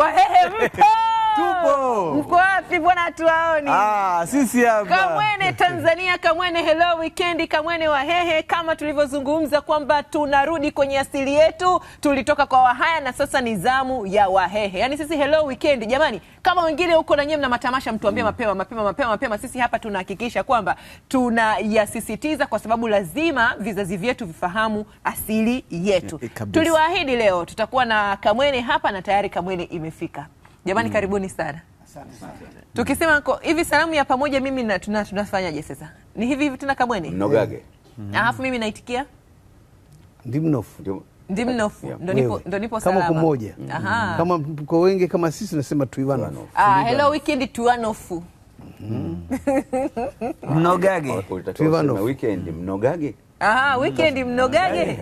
What happened? wapi bwana, hatuwaoni. Ah, sisi hapa Kamwene Tanzania, Kamwene hello weekend, Kamwene Wahehe. Kama tulivyozungumza kwamba tunarudi kwenye asili yetu, tulitoka kwa Wahaya na sasa ni zamu ya Wahehe, yaani sisi hello weekend. Jamani, kama wengine huko na nyie mna matamasha, mtuambie mm. mapema mapema mapema mapema. Sisi hapa tunahakikisha kwamba tunayasisitiza, kwa sababu lazima vizazi vyetu vifahamu asili yetu. Eh, eh, Tuliwaahidi leo tutakuwa na Kamwene hapa na tayari Kamwene imefika. Jamani, mm. Karibuni sana. Tukisema hivi salamu ya pamoja, mimi tunafanyaje sasa? Ni hivi hivi tena kamweni mnogage, mm-hmm. alafu mimi naitikia ndimnofu ndimnofu, ndo nipo salama kama kumoja, mm-hmm. kama mko wengi kama sisi nasema tuiwanofu. Ah, hello weekend mm-hmm. mnogage tuiwanofu, weekend mnogage, aha, weekend mnogage,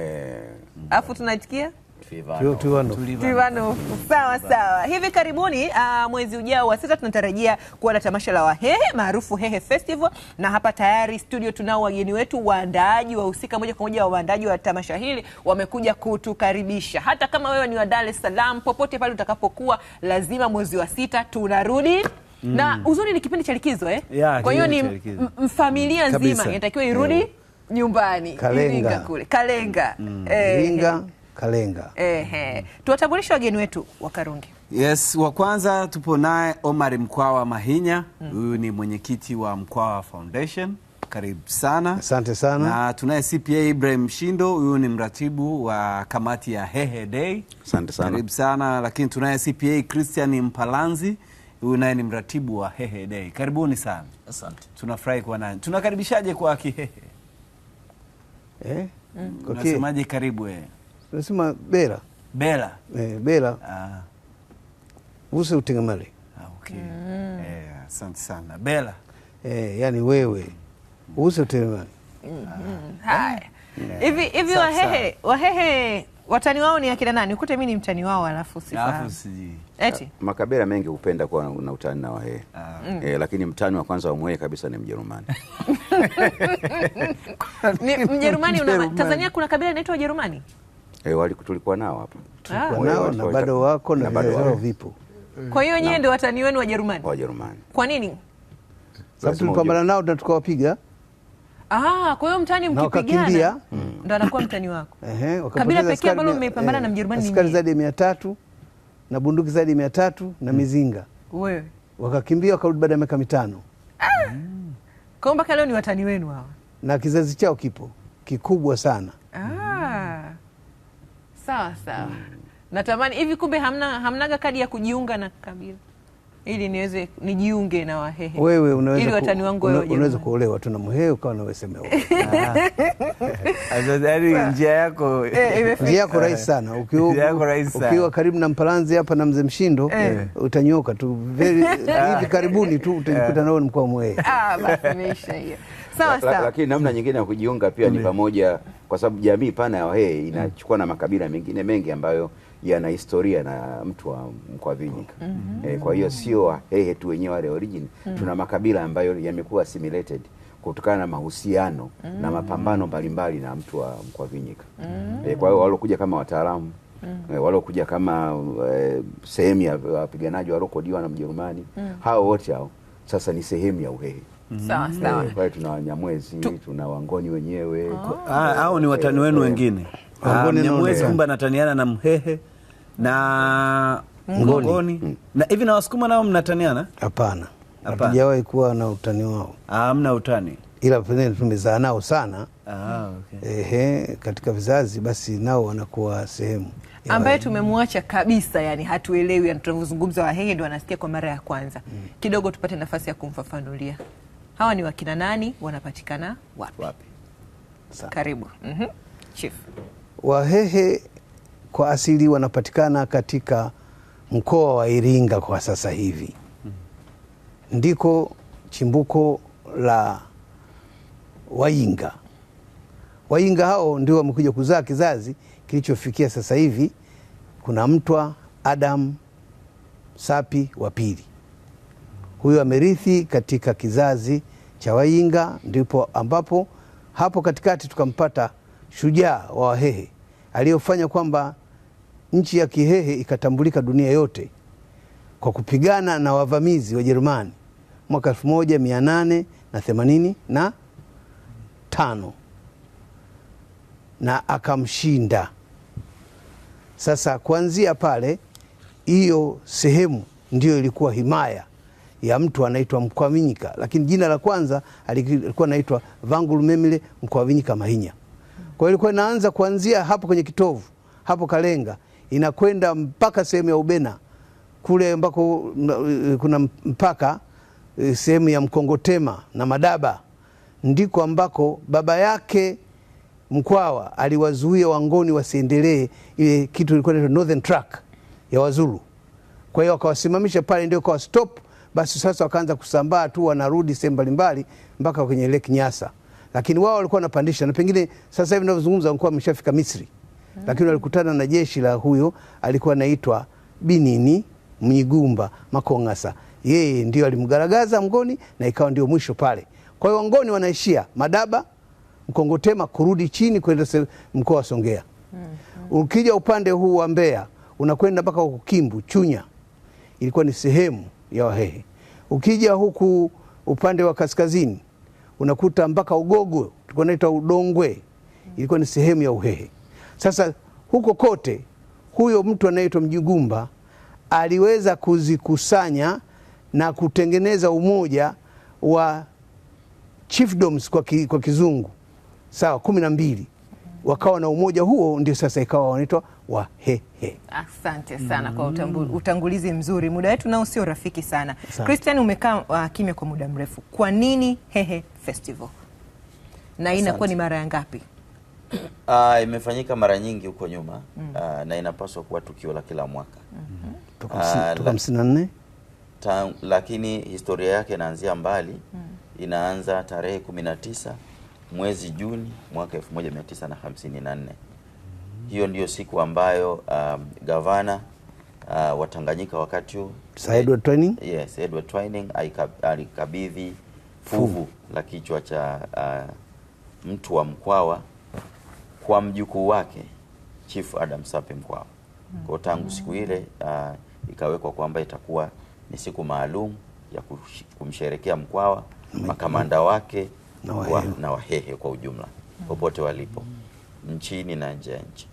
alafu tunaitikia Tuivano. sawa sawa. Hivi karibuni uh, mwezi ujao wa sita tunatarajia kuwa na tamasha la Wahehe maarufu Hehe Festival, na hapa tayari studio tunao wageni wetu waandaaji, wahusika moja kwa moja wa waandaaji wa tamasha hili wamekuja kutukaribisha. Hata kama wewe ni wa Dar es Salaam, popote pale utakapokuwa, lazima mwezi wa sita tunarudi mm. na uzuri ni kipindi cha likizo eh? Yeah, kwa hiyo ni familia mm, nzima inatakiwa irudi yeah. nyumbani Kalenga. kule Kalenga mm. eh, Kalenga. Ehe, tuwatambulishe wageni wetu wa Karungi. Yes, wa kwanza tupo naye Omar Mkwawa Mahinya, hmm. huyu mm. ni mwenyekiti wa Mkwawa Foundation. Karibu sana. Asante sana. Na tunaye CPA Ibrahim Shindo, huyu ni mratibu wa kamati ya Hehe Day. Asante sana. Karibu sana. Lakini tunaye CPA Christian Mpalanzi, huyu naye ni mratibu wa Hehe Day. Karibuni sana. Asante. Tunafurahi kuwa nanyi. Tunakaribishaje kwa Kihehe? Eh? Mm. Unasemaje karibu wewe? nasema bela bela eh, bela ah. use ah, okay. mm. eh, asante sana bela eh, yani wewe mm. use utengemale mm. Mm-hmm. haya eh, hivi hivi wahehe wahehe watani wao ni akina nani? Ukute mimi ni mtani wao alafu sifahamu. Eti ah, makabila mengi hupenda kuwa na utani na Wahehe ah. mm. E, lakini mtani wa kwanza wa kabisa ni Mjerumani. ni Mjerumani una Tanzania kuna kabila inaitwa Wajerumani? E, tulikuwa nao hapa ah. tulikuwa nao na bado wako na bado wao vipo. Kwa hiyo nyie ndio watani wenu Wajerumani? Wajerumani. Kwa nini? Sababu tulipambana nao na tukawapiga. Ah, kwa hiyo mtani mkipigana hmm. ndo anakuwa mtani wako. Ehe, kabila pekee ambalo mmepambana na eh, Mjerumani ni askari zaidi ya mia tatu na bunduki zaidi ya mia tatu na hmm. mizinga. Wewe. Wakakimbia wakarudi baada ya miaka mitano. Ah. Kwa mpaka leo ni watani wenu hawa. Na kizazi chao kipo kikubwa sana. Ah sawa sawa. Mm. Natamani hivi, kumbe hamna hamnaga kadi ya kujiunga na kabila ili niweze nijiunge na Wahehe. Wewe unaweza ili watani wangu unaweza kuolewa tu na Mhehe ukawa na wesemewa. njia yako eh, eh, eh. njia yako rahisi sana. Ukiwa karibu na Mpalanzi hapa na Mzee Mshindo utanyoka tu hivi karibuni tu utajikuta nao ni mkoa Mhehe. Ah, basi meisha hiyo sawa sawa. Lakini namna nyingine ya kujiunga pia ni pamoja, kwa sababu jamii pana ya Wahehe inachukua na makabila mengine mengi ambayo yana historia na mtu wa mkoa Vijika. mm -hmm. E, eh, kwa hiyo sio Wahehe tu wenyewe wale origin. mm -hmm. Tuna makabila ambayo yamekuwa assimilated kutokana na mahusiano mm -hmm. na mapambano mbalimbali na mtu wa mkoa Vijika. mm -hmm. E, kwa hiyo walokuja kama wataalamu Mm. Eh, walokuja kama e, sehemu ya wapiganaji walokodiwa na Mjerumani mm. Hao wote hao sasa ni sehemu ya Uhehe sawa mm-hmm. sawa. Kwa tuna Wanyamwezi, tuna Wangoni wenyewe au ah. ah, ni watani wenu wengine? Mnyamwezi ah, kumbe anataniana na Mhehe na Mgoni mm. na hivi, na Wasukuma nao mnataniana? Hapana, hatujawahi kuwa na utani wao. Hamna utani ila pengine tumezaa nao sana. Ah, okay. Ehe, katika vizazi basi nao wanakuwa sehemu ambaye tumemwacha kabisa, yani hatuelewi. Tunavyozungumza Wahehe ndo anasikia kwa mara ya kwanza mm. Kidogo tupate nafasi ya kumfafanulia hawa ni wakina nani, wanapatikana wapi? Wapi? Karibu. mm -hmm. Chief. Wahehe kwa asili wanapatikana katika mkoa wa Iringa kwa sasa hivi, mhm. ndiko chimbuko la Wainga. Wainga hao ndio wamekuja kuzaa kizazi kilichofikia sasa hivi, kuna Mtwa Adam Sapi wa pili huyu amerithi katika kizazi cha Wainga, ndipo ambapo hapo katikati tukampata shujaa wa Wahehe aliyofanya kwamba nchi ya Kihehe ikatambulika dunia yote kwa kupigana na wavamizi wa jerumani mwaka nane na, na akamshinda. Sasa kuanzia pale, hiyo sehemu ndiyo ilikuwa himaya ya mtu anaitwa Mkwavinyika, lakini jina la kwanza alikuwa anaitwa Memile Mkwavinyika Mahinya. Kwa hiyo ilikuwa inaanza kuanzia hapo kwenye kitovu hapo Kalenga inakwenda mpaka sehemu ya Ubena kule ambako e, kuna mpaka e, sehemu ya Mkongotema na Madaba, ndiko ambako baba yake Mkwawa aliwazuia Wangoni wasiendelee ile kitu ilikuwa inaitwa Northern Track ya Wazulu. Kwa hiyo akawasimamisha pale, ndio kawa stop basi sasa wakaanza kusambaa tu, wanarudi sehemu mbalimbali mpaka kwenye Lake Nyasa, lakini wao walikuwa wanapandisha, na pengine sasa hivi ninavyozungumza walikuwa wameshafika Misri, mm. lakini walikutana na jeshi la huyo alikuwa anaitwa Binini Mnyigumba Makong'asa. Yeye ndio alimgaragaza Mngoni na ikawa ndio mwisho pale. Kwa hiyo Wangoni wanaishia Madaba, Mkongotema kurudi chini kwenda mkoa wa Songea. Mm -hmm. Ukija upande huu wa Mbeya unakwenda mpaka Kukimbu, Chunya ilikuwa ni sehemu ya Wahehe. Ukija huku upande wa kaskazini unakuta mpaka Ugogo, tulikuwa naita Udongwe, ilikuwa ni sehemu ya Uhehe. Sasa huko kote huyo mtu anaitwa Mjigumba aliweza kuzikusanya na kutengeneza umoja wa chiefdoms kwa, ki, kwa kizungu sawa, kumi na mbili. Wakawa na umoja huo, ndio sasa ikawa wanaitwa Hehe. Asante sana mm, kwa utangulizi mzuri. Muda wetu nao sio rafiki sana. Christian, umekaa uh, kimya kwa muda mrefu. Kwa nini Hehe Festival na inakuwa ni mara ya ngapi? Uh, imefanyika mara nyingi huko nyuma mm. uh, na inapaswa kuwa tukio la kila mwaka mm -hmm. uh, toka la, lakini historia yake inaanzia mbali mm. inaanza tarehe 19 mwezi Juni mwaka 1954 hiyo ndiyo siku ambayo um, gavana uh, wa Tanganyika wakati huu Edward Twining, yes, Edward Twining alikabidhi fuvu la kichwa cha uh, mtu wa Mkwawa kwa mjukuu wake Chief Adam Sape Mkwawa. Kwa tangu siku ile uh, ikawekwa kwamba itakuwa ni siku maalum ya kumsherekea Mkwawa, makamanda wake na Wahehe, na Wahehe kwa ujumla popote walipo nchini na nje ya nchi.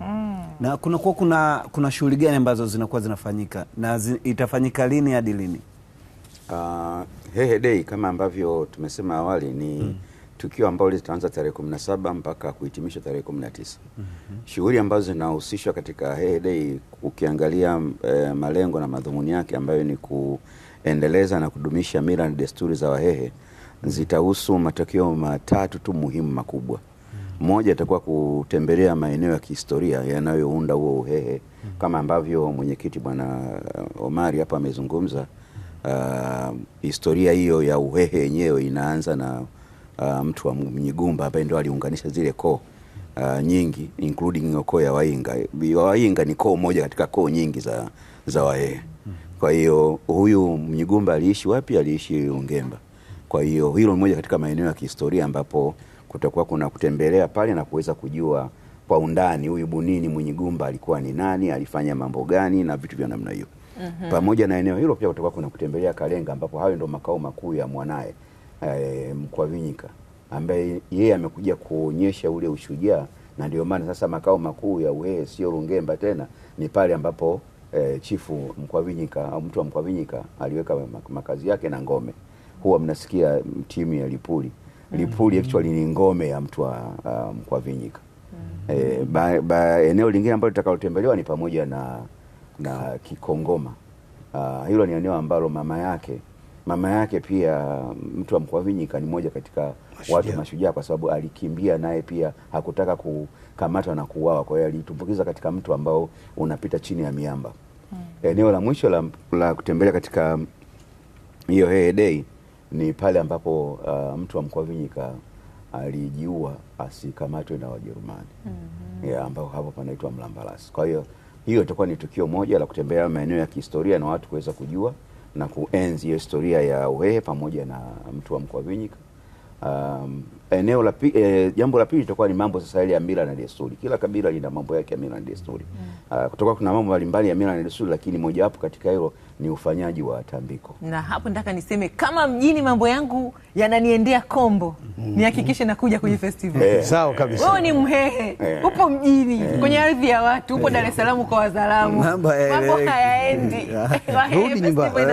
Mm-hmm. na kunakuwa kuna, kuna, shughuli gani ambazo zinakuwa zinafanyika na zi, itafanyika lini hadi lini? Uh, ah, Hehe dei kama ambavyo tumesema awali ni mm tukio ambalo litaanza tarehe saba mpaka kuhitimisha tarehe tisa Mm -hmm. Shughuli ambazo zinahusishwa katika Hehe dei ukiangalia eh, malengo na madhumuni yake ambayo ni kuendeleza na kudumisha mila na desturi za Wahehe zitahusu matokeo matatu tu muhimu makubwa. Moja itakuwa kutembelea maeneo ya kihistoria yanayounda huo Uhehe hmm. kama ambavyo mwenyekiti bwana uh, Omari hapa amezungumza. Uh, historia hiyo ya Uhehe yenyewe inaanza na uh, mtu wa Mnyigumba ambaye ndo aliunganisha zile koo uh, nyingi including koo ya Wainga. Wainga ni koo moja katika koo nyingi za, za Wahehe. Hmm. Kwa hiyo huyu Mnyigumba aliishi wapi? Aliishi Ungemba. Kwa hiyo hilo ni moja katika maeneo ya kihistoria ambapo kutakuwa kuna kutembelea pale na kuweza kujua kwa undani huyu Bunini Mwinyigumba alikuwa ni nani, alifanya mambo gani na vitu vya namna hiyo. mm -hmm. Pamoja na eneo hilo pia kutakuwa kuna kutembelea Kalenga ambapo hayo ndio makao makuu ya mwanaye e, eh, Mkwavinyika ambaye yeye amekuja kuonyesha ule ushujaa, na ndio maana sasa makao makuu ya Uhehe sio Rungemba tena, ni pale ambapo e, chifu Mkwavinyika au mtu wa Mkwavinyika aliweka makazi yake na ngome. Huwa mnasikia timu ya Lipuli Mm. Lipuli actually ni ngome ya Mtwa uh, Mkwavinyika. Mm. E, eh, ba, ba, eneo lingine ambalo litakalotembelewa ni pamoja na, na Kikongoma. Uh, hilo ni eneo ambalo mama yake mama yake pia mtu wa Mkwavinyika ni mmoja katika mashujaa, watu mashujaa kwa sababu alikimbia naye pia hakutaka kukamatwa na kuuawa, kwa hiyo alitumbukiza katika mtu ambao unapita chini ya miamba. mm. Eneo la mwisho la, la kutembelea katika hiyo Heyday ni pale ambapo uh, mtu wa Mkwavinyika alijiua asikamatwe na Wajerumani mm -hmm. ambao hapo panaitwa Mlambalasi. Kwa hiyo hiyo itakuwa ni tukio moja la kutembea maeneo ya kihistoria na watu kuweza kujua na kuenzi hiyo historia ya Uhehe pamoja na mtu wa Mkwavinyika. Um, eneo la eh, jambo la pili litakuwa ni mambo sasa ile ya mila na desturi. Kila kabila lina mambo yake ya mila na desturi mm. Uh, kutoka kuna mambo mbalimbali ya mila na desturi, lakini mojawapo katika hilo ni ufanyaji wa tambiko. Na hapo nataka niseme kama mjini mambo yangu yananiendea kombo mhm. nihakikishe nakuja kwenye festival eh. Sawa kabisa. Wewe ni Mhehe eh. upo mjini eh. kwenye ardhi ya watu upo yeah. Dar es Salaam kwa Wazalamu mambo hayaendi, rudi nyumbani,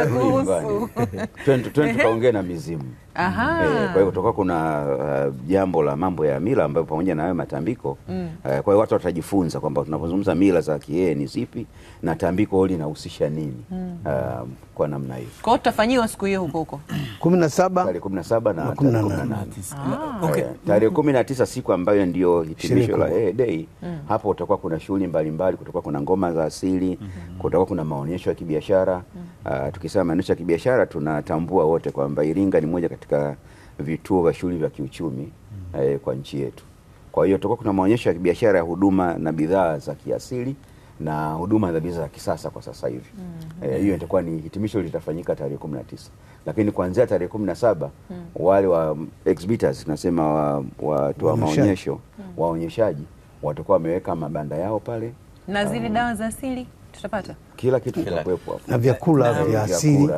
tukaongee na mizimu Aha. E, kwa hiyo kutoka kuna eh, jambo uh, la mambo ya mila ambayo pamoja na hayo matambiko mm. Uh, kwa hiyo watu watajifunza kwamba tunapozungumza mila za kiee ni zipi na tambiko linahusisha nini mm. Uh, kwa namna hiyo. Kwa hiyo tutafanyiwa siku hiyo huko huko 17 tarehe 17 na 18. tarehe 19 ah. siku ambayo ndio hitimisho la eh, day mm. Hapo utakuwa kuna shughuli mbalimbali, kutakuwa kuna ngoma za asili mm -hmm. Kutakuwa kuna maonyesho ya kibiashara mm. Uh, tukisema maonyesho ya kibiashara tunatambua wote kwamba Iringa ni moja katika vituo vya shughuli vya kiuchumi mm. eh, kwa nchi yetu. Kwa hiyo tutakuwa kuna maonyesho ya biashara ya huduma na bidhaa za kiasili na huduma za bidhaa za kisasa kwa sasa hivi mm hiyo -hmm. eh, itakuwa ni hitimisho litafanyika tarehe kumi na tisa lakini kuanzia tarehe kumi na saba mm. wale wa exhibitors tunasema watu wa, wa maonyesho mm. waonyeshaji watakuwa wameweka mabanda yao pale na zile um, dawa za asili tutapata kila kitu kitakuwepo na vyakula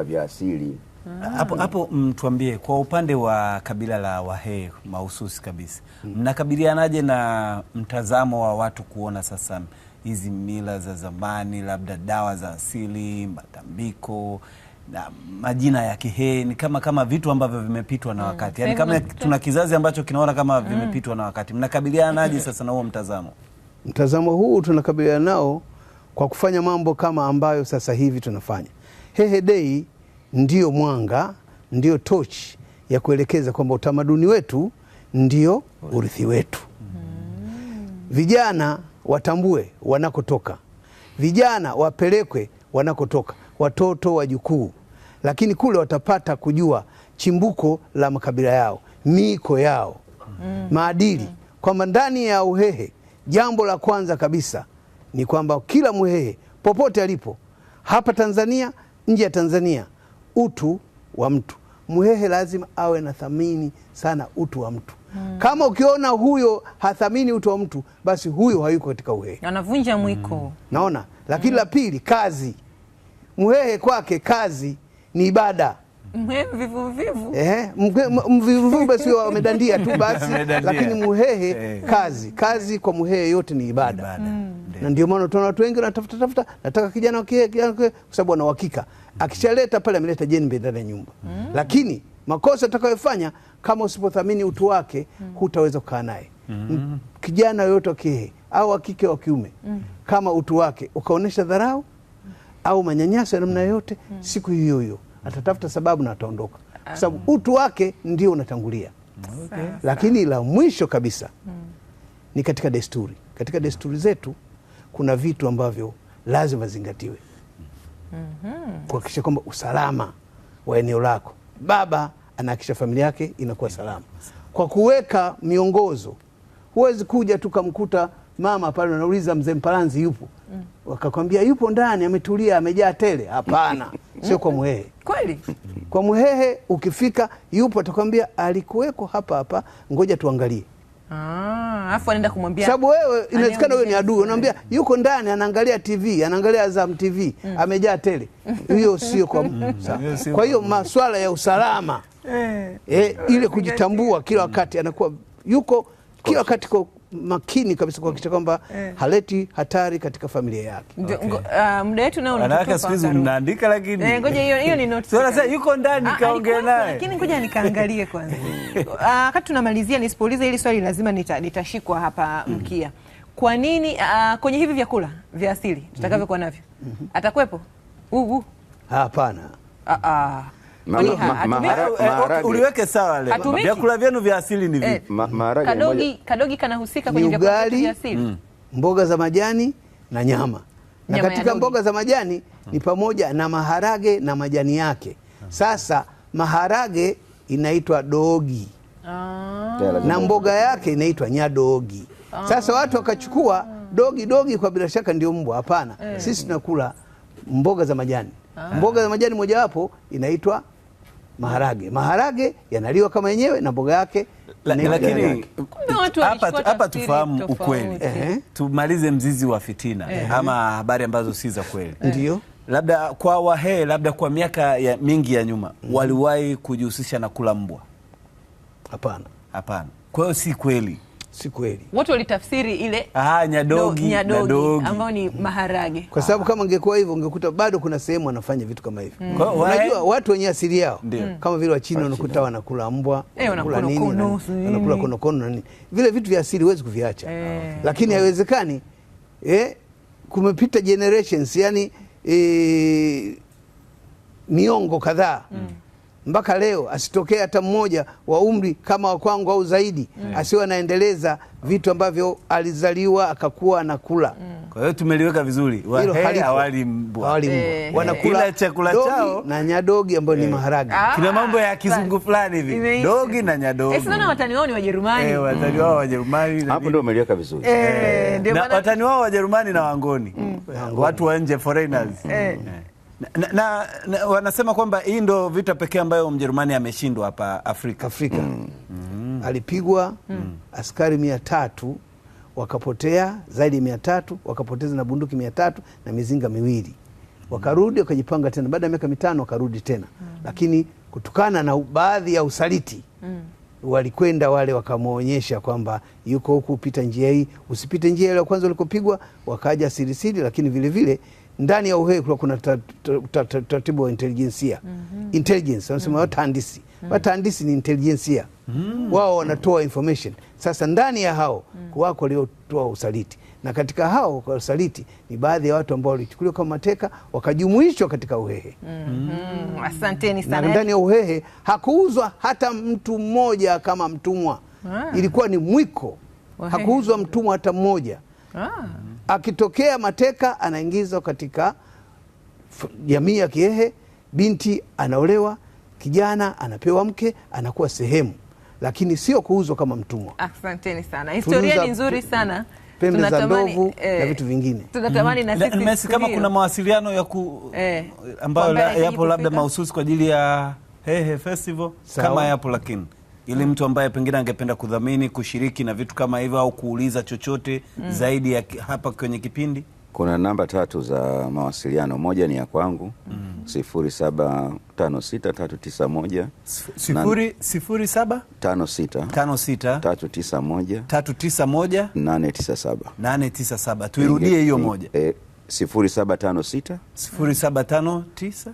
vya asili hapo hapo mtuambie, kwa upande wa kabila la wahee mahususi kabisa, mm. mnakabilianaje na mtazamo wa watu kuona sasa hizi mila za zamani, labda dawa za asili, matambiko na majina ya Kihehe ni kama kama vitu ambavyo vimepitwa na mm. wakati, yaani kama tuna kizazi ambacho kinaona kama mm. vimepitwa na wakati. Mnakabilianaje sasa na huo mtazamo? Mtazamo huu tunakabiliana nao kwa kufanya mambo kama ambayo sasa hivi tunafanya Hehe Day ndiyo mwanga, ndiyo tochi ya kuelekeza kwamba utamaduni wetu ndiyo urithi wetu. Vijana watambue wanakotoka, vijana wapelekwe wanakotoka, watoto wajukuu, lakini kule watapata kujua chimbuko la makabila yao, miiko yao, maadili, kwamba ndani ya Uhehe jambo la kwanza kabisa ni kwamba kila Mhehe popote alipo hapa Tanzania, nje ya Tanzania utu wa mtu. Mhehe lazima awe na thamini sana utu wa mtu hmm. Kama ukiona huyo hathamini utu wa mtu, basi huyo hayuko katika uhehe, anavunja hmm. mwiko hmm. Naona lakini hmm. La pili, kazi. Mhehe kwake kazi ni ibada mvivuvivu eh, mvivuvivu basi wamedandia tu basi lakini muhehe kazi, kazi kwa muhehe yote ni ibada, ibada. Hmm na ndio maana tunaona watu wengi wanatafuta tafuta, nataka kijana wake kijana wake, kwa sababu ana uhakika akishaleta pale, ameleta jembe ndani ya nyumba mm. lakini makosa atakayofanya kama usipothamini utu wake mm. hutaweza kukaa naye mm. kijana yoyote wa au wa wa kiume mm. kama utu wake ukaonyesha dharau mm. au manyanyaso ya namna mm. yoyote mm. siku hiyo hiyo atatafuta sababu na ataondoka, kwa ah. sababu utu wake ndio unatangulia. Okay. Lakini la mwisho kabisa mm. ni katika desturi, katika desturi zetu kuna vitu ambavyo lazima zingatiwe mm kuhakikisha kwamba usalama wa eneo lako. Baba anahakikisha familia yake inakuwa salama kwa kuweka miongozo. Huwezi kuja tu kamkuta mama pale anauliza mzee Mparanzi yupo mm. wakakwambia yupo ndani ametulia amejaa tele. Hapana, sio kwa Mhehe kweli. Kwa muhehe ukifika yupo atakwambia alikuweko hapa hapa, ngoja tuangalie. Ah, afu anaenda kumwambia sababu wewe inawezekana wewe ni adui, unamwambia eh. yuko ndani anaangalia TV, anaangalia Azam TV, mm. amejaa tele. Hiyo sio kwa mm. Kwa hiyo masuala ya usalama eh. eh, ile kujitambua kila wakati anakuwa yuko kila wakati makini kabisa kuhakikisha kwamba eh, haleti hatari katika familia yake. Ah, muda wetu nao unatupa siku hizi mnaandika, lakini eh, ngoja hiyo hiyo ni note. Sasa yuko ndani ah, kaongea naye, lakini ngoja nikaangalie kwanza ah, wakati tunamalizia, nisipuulize hili swali lazima nitashikwa hapa mhm. mkia. Kwa nini uh, kwenye hivi vyakula vya asili tutakavyokuwa mhm. navyo atakwepo ugu? Hapana. Eh, uliweke sawa leo. Vyakula vyenu vya asili ni vipi? Kadogi, kadogi kanahusika kwenye vyakula vya asili, mm. mboga za majani na nyama na katika mboga za majani ni pamoja na maharage na majani yake. Sasa maharage inaitwa dogi ah. na mboga yake inaitwa nyadogi. Ah. Sasa watu wakachukua dogi dogi kwa bila shaka ndio mbwa. Hapana, eh. sisi tunakula mboga za majani. Ah. Mboga za majani mojawapo inaitwa maharage. Maharage yanaliwa kama yenyewe na mboga yake, lakini hapa tufahamu ukweli -huh. tumalize mzizi wa fitina -huh. ama habari ambazo si za kweli uh ndio labda kwa wahee labda kwa miaka ya mingi ya nyuma -huh. Mm-hmm. waliwahi kujihusisha na kula mbwa? Hapana, hapana. Kwa hiyo si kweli si kweli. Watu walitafsiri ile ah, nyadogi, nyadogi ambao ni maharage, kwa sababu kama ingekuwa hivyo ungekuta bado kuna sehemu wanafanya vitu kama hivyo mm. Unajua watu wenye asili yao mm. kama vile Wachina unakuta wanakula mbwa, eh, wanakula nini, wanakula eh. konokono na nini, vile vitu vya asili huwezi kuviacha Okay. Eh. Lakini haiwezekani eh, kumepita generations yani eh, miongo kadhaa mm mpaka leo asitokee hata mmoja wa umri kama wa kwangu au zaidi mm. asiwe anaendeleza vitu ambavyo alizaliwa akakuwa anakula mm. Kwa hiyo tumeliweka vizuri, hawali mbwa, eh. wanakula chakula chao na nyadogi ambayo ni eh. maharage. Ah. Kina mambo ya kizungu fulani hivi, dogi na nyadogi. Eh, Sasa na watani wao ni Wajerumani, eh, watani wao Wajerumani. Hapo ndio umeliweka vizuri eh, na watani wao Wajerumani na Wangoni, mm. watu wa nje, foreigners na, na, na wanasema kwamba hii ndo vita pekee ambayo Mjerumani ameshindwa hapa Afrika, Afrika. Mm. Mm. Alipigwa mm. askari mia tatu wakapotea zaidi ya mia tatu wakapoteza na bunduki mia tatu na mizinga miwili wakarudi wakajipanga tena, baada ya miaka mitano wakarudi tena mm. Lakini kutokana na baadhi ya usaliti mm. walikwenda wale wakamwonyesha kwamba yuko huku, pita njia hii, usipite njia ile ya kwanza ulikopigwa. Wakaja sirisiri, lakini vilevile vile, ndani ya uhehe kuna taratibu wa intelijensia mhm. intelijensi wanasema mhm. watandisi. Mhm. Watandisi ni intelijensia, mm. wao wanatoa information. Sasa ndani ya hao mm. wako waliotoa usaliti, na katika hao kwa usaliti ni baadhi ya watu ambao walichukuliwa kama mateka wakajumuishwa katika uhehe. Asanteni sana. Ndani ya uhehe hakuuzwa hata mtu mmoja kama mtumwa, ah. ilikuwa ni mwiko, hakuuzwa mtumwa hata mmoja. Ah. Akitokea mateka anaingizwa katika jamii ya Kihehe, binti anaolewa, kijana anapewa mke, anakuwa sehemu, lakini sio kuuzwa kama mtumwa. Asanteni sana, historia ni nzuri sana pembe za ndovu eh, na vitu vingine tunatamani mm. na sisi kama kuna mawasiliano ya ku eh, ambayo yapo labda mahususi kwa ajili ya Hehe Festival Sao. kama yapo lakini ili mtu ambaye pengine angependa kudhamini kushiriki na vitu kama hivyo au kuuliza chochote mm. zaidi ya hapa kwenye kipindi, kuna namba tatu za mawasiliano. Moja ni ya kwangu mm. 0756391391 897 897. Tuirudie hiyo moja, 0756 075 9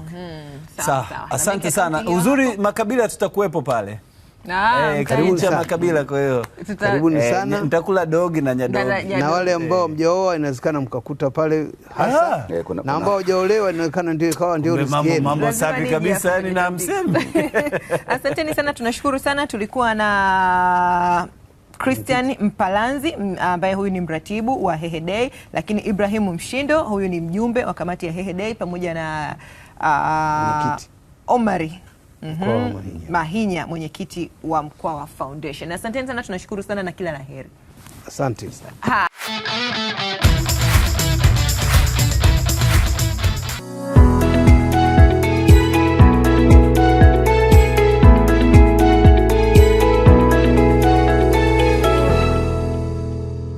Mm-hmm. Sawa, asante sana. Uzuri makabila tutakuwepo pale. Ah, eh, karibu cha makabila kwa hiyo. Karibuni eh, sana. Nitakula dogi na nyadogi. Na wale ambao mjaoa inawezekana mkakuta pale hasa. Eh, na ambao hujaolewa inawezekana ndio kawa ndio riziki. Mambo safi kabisa yani na msemi. Asanteni sana, tunashukuru sana. Tulikuwa na uh, Christian Mpalanzi ambaye huyu ni mratibu wa Hehe Day, lakini Ibrahimu Mshindo huyu ni mjumbe wa kamati ya Hehe Day pamoja na uh, Omari Mm -hmm. Mahinya, mwenyekiti wa Mkwawa Foundation. Asanteni sana, tunashukuru sana na kila la heri. Asante.